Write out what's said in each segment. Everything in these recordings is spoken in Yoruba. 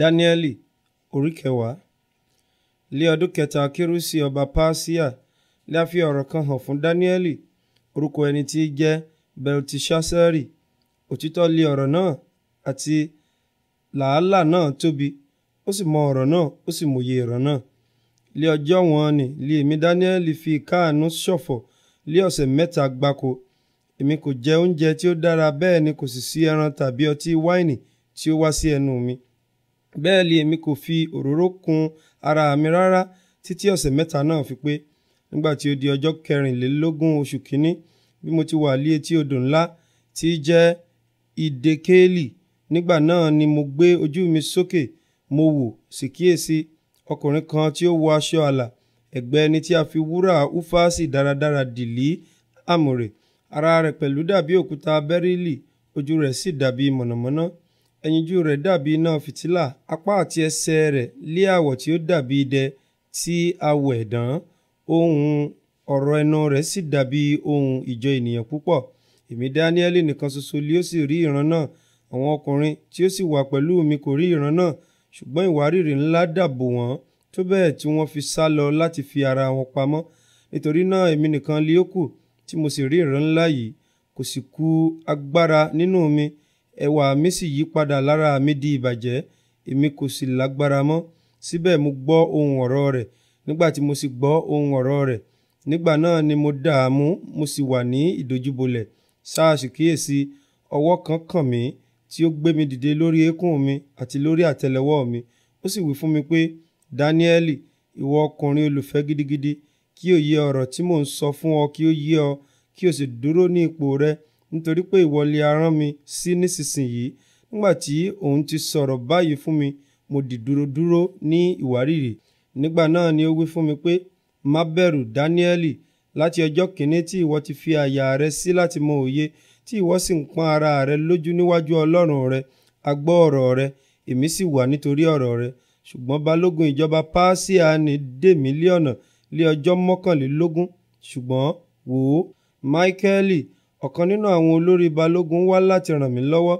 Danieli, orí kẹwàá lé ọdún kẹta kérúsì ọba páṣíà lé a fi ọ̀rọ̀ kan hàn fún dáníẹ́lì orúkọ ẹni tí í jẹ́ belteshazzari òtítọ́ lé ọ̀rọ̀ náà àti làálàá náà tóbi ó sì mọ ọ̀rọ̀ náà ó sì mòye ọ̀rọ̀ náà lé ọjọ́ wọn ni lé èmi dáníẹ́lì fi káàánú ṣọ̀fọ̀ lé ọ̀sẹ̀ mẹ́ta gbáko èmi kò jẹ oúnjẹ tí ó dára bẹ́ẹ̀ ni kò sì sí ẹran tàbí ọtí wáìnì tí ó wá sí ẹnu mi bẹ́ẹ̀ lé èmi kò fi òróró kun ara mi rárá títí ọ̀sẹ̀ mẹ́ta náà fi pé nígbà tí ó di ọjọ́ kẹrìnlélógún oṣù kínní bí mo ti wà lé etí odò ńlá tí jẹ́ ìdèkéèlì nígbà náà ni mo gbé ojú mi sókè mo wò sì kíyèsí ọkùnrin kan tí ó wọ aṣọ àlà ẹ̀gbẹ́ ẹni tí a fi wúrà úfáàsì dáradára dìlí àmùrè ara rẹ̀ pẹ̀lú dàbí òkúta bẹ́rílì ojú rẹ̀ sì dàbí mọ̀nàmọ́ná ẹyinjú rẹ̀ dàbí iná fìtílà apá àti ẹsẹ̀ rẹ̀ lé àwọ̀ tí ó dàbí idẹ tí a wẹ̀ dán ohun ọ̀rọ̀ ẹnu rẹ̀ sì dàbí ohun ìjọ ènìyàn púpọ̀ èmi dáníẹ́lì nìkan ṣoṣo li ó sì rí ìran náà àwọn ọkùnrin tí ó sì wà pẹ̀lú mi kò rí ìran náà ṣùgbọ́n ìwárìrì ńlá dàbò wọ́n tó bẹ́ẹ̀ tí wọ́n fi sá lọ láti fi ara wọn pamọ́ nítorí náà èmi nìkan li ó kù tí mo sì rí ìran ńlá yìí kò sì kù agbára nínú mi ẹwà mi sì yí padà lára mi di ìbàjẹ́ èmi kò sì lágbára mọ́ síbẹ̀ mo gbọ́ ohùn ọ̀rọ̀ rẹ̀ nígbà tí mo sì gbọ́ ohùn ọ̀rọ̀ rẹ̀ nígbà náà ni mo dààmú mo sì wà ní ìdojúbolẹ̀ sáà kíyèsí ọwọ́ kan kàn mí tí ó gbé mi dìde lórí eékún mi àti lórí àtẹ́lẹwọ́ mi ó sì wí fún mi pé Dáníẹ́lì ìwọ ọkùnrin olùfẹ́ gidigidi kí ó yé ọ̀rọ̀ tí mò ń sọ fún ọ kí ó yé ọ kí o sì dúró ní ipò rẹ nítorí pé ìwọ lè rán mi sí nísinsìnyí nígbà tí òun ti sọ̀rọ̀ báyìí fún mi mo dì dúró dúró ní ìwárìrì nígbà náà ni ó wí fún mi pé má bẹ̀rù dáníẹ́lì láti ọjọ́ kìíní tí ìwọ ti fi àyà rẹ sí láti mọ òye tí ìwọ sì ń pọ́n ara rẹ lójú níwájú ọlọ́run rẹ a gbọ́ ọ̀rọ̀ rẹ èmi sì wà nítorí ọ̀rọ̀ rẹ ṣùgbọ́n balógun ìjọba páàsíà ni dè mí lé ọjọ́ mọ́kànlélógún ṣùgbọ́n wò ó máíkẹ́lì ọ̀kan nínú àwọn olórí balógun wá láti ràn mí lọ́wọ́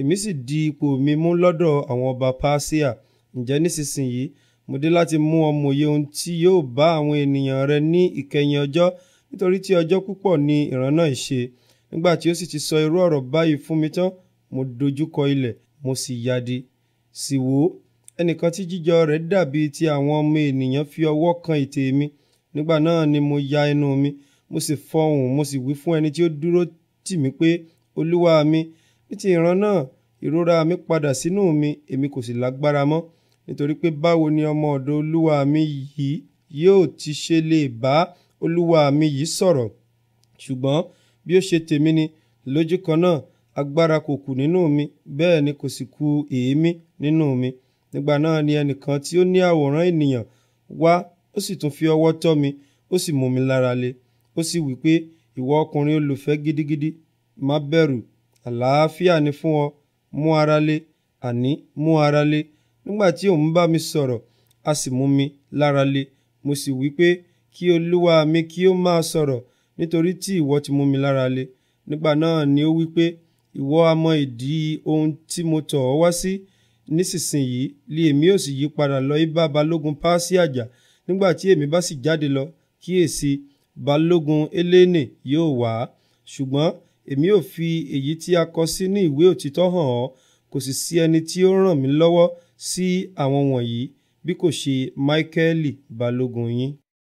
èmi sì di ipò mi mú lọ́dọ̀ àwọn ọba Páṣíà ǹjẹ́ nísinsìnyí mo dé láti mú ọ mòye ohun tí yóò bá àwọn ènìyàn rẹ ní ìkẹyìn ọjọ́ nítorí tí ọjọ́ púpọ̀ ni ìran náà ṣe nígbà tí ó sì ti sọ irú ọ̀rọ̀ báyìí fún mi tán mo dojúkọ ilẹ̀ mo sì yadi sì wò ó ẹnìkan tí jíjọ rẹ̀ dàbí ti àwọn ọmọ ènìyàn fi ọwọ́ kan ìtè mi nígbà náà ni mo ya ẹnu mi mo sì fọhùn mo sì wí fún ẹni tí ó dúró tì mí pé olúwa mi ní ti ìran náà ìrora mi padà sínú mi èmi kò sì lágbára mọ́ nítorí pé báwo ni ọmọ ọ̀dọ̀ olúwa mi yìí yóò ti ṣe lè bá olúwa mi yìí sọ̀rọ̀ ṣùgbọ́n bí ó ṣe tèmi ni lójú kan náà agbára kò kù nínú mi bẹ́ẹ̀ ni kò sì kù èémí nínú mi nígbà náà ni ẹnìkan tí ó ní àwòrán ènìyàn wá ó sì tún fi ọwọ́ tọ́ mi ó sì mú mi lára le ó sì wí pé ìwọ ọkùnrin olùfẹ́ gidigidi má bẹ̀rù àlàáfíà ni fún ọ mú ara le àní mú ara le nígbà tí òun bá mi sọ̀rọ̀ a sì mú mi lára le mo sì wí pé kí olúwa mi kí ó máa sọ̀rọ̀ nítorí tí ìwọ ti mú mi lára le nígbà náà ni ó wí pé ìwọ a mọ ìdí ohun tí mo tọ̀ ọ́ wá sí nísinsìnyí li èmi ò sì yí padà lọ ibà balógun Páásíà jà nígbà tí èmi bá sì jáde lọ kíyèsí balógun Hélénì yóò wá ṣùgbọ́n èmi ò fi èyí tí a kọ sínú ìwé òtítọ́ hàn ọ́ kò sì sí ẹni tí ó ràn mí lọ́wọ́ sí àwọn wọ̀nyí bí kò ṣe Máíkẹ́lì balógun yín